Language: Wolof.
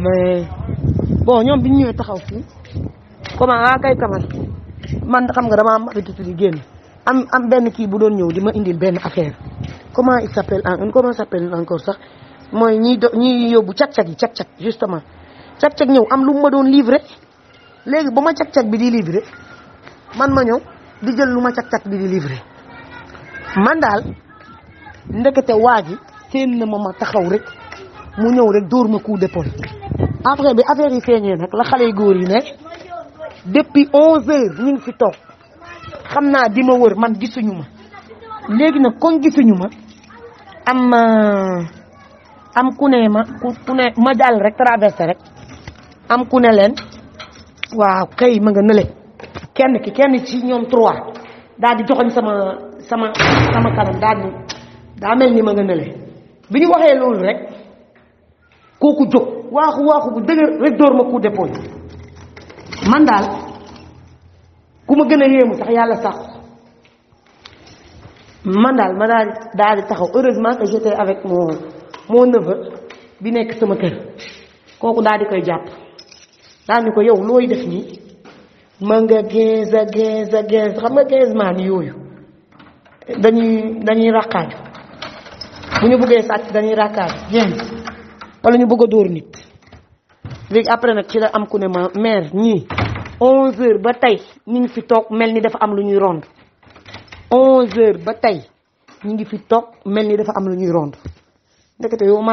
mais bon ñoom bi ñu taxaw fii comment ah kay kamal man xam nga dama am habitude di génn am am benn kii bu doon ñëw di ma indil benn affaire comment il s'appelle en comment s'appelle encore sax mooy ñiy do ñiy yóbbu cag-cag yi cag-cag justement cag-cag ñëw am lu ma doon livré léegi ba ma cag-cag bi di livré man ma ñëw di jël lu ma cag-cag bi di livré man daal ndekete waa ji seen na ma ma taxaw rek mu ñëw rek dóor ma coup d'épaule après bi affaire yi feeñee nag la xale yu góor yi ne depuis 11 heures ñu ngi fi toog xam naa di ma wër man gisuñu ma léegi nag kon gisuñu ma am euh, am ku ne ma ku ne ma jàll rek traversé rek am ku ne leen waaw kay ma nga nële kenn ki kenn ci ñoom trois daal di joxoñ sama sama sama kanam daal di daa mel ni ma nga nële bi ñu waxee loolu rek. kooku jóg waaxu waaxu bu dëgër rek door ma coup d'épaule man daal ku ma gën a yéemu sax yàlla sax man daal ma daal daal di taxaw heureusement que j'étais avec mon mon neveu bi nekk sama kër kooku daal di koy jàpp daal ni ko yow looy def nii ma nga gees a gees a gees xam nga gees maan yooyu dañuy dañuy ràqaaju bu ñu bëggee sàcc dañuy ràqaaju génn wala ñu bëgg a dóor nit léegi après nag ci la am ku ne ma maire ñii 11h ba tey ñu ngi fi toog mel ni dafa am lu ñuy rond 11h ba tey ñu ngi fi toog mel ni dafa am lu ñuy rond ndekete yow man.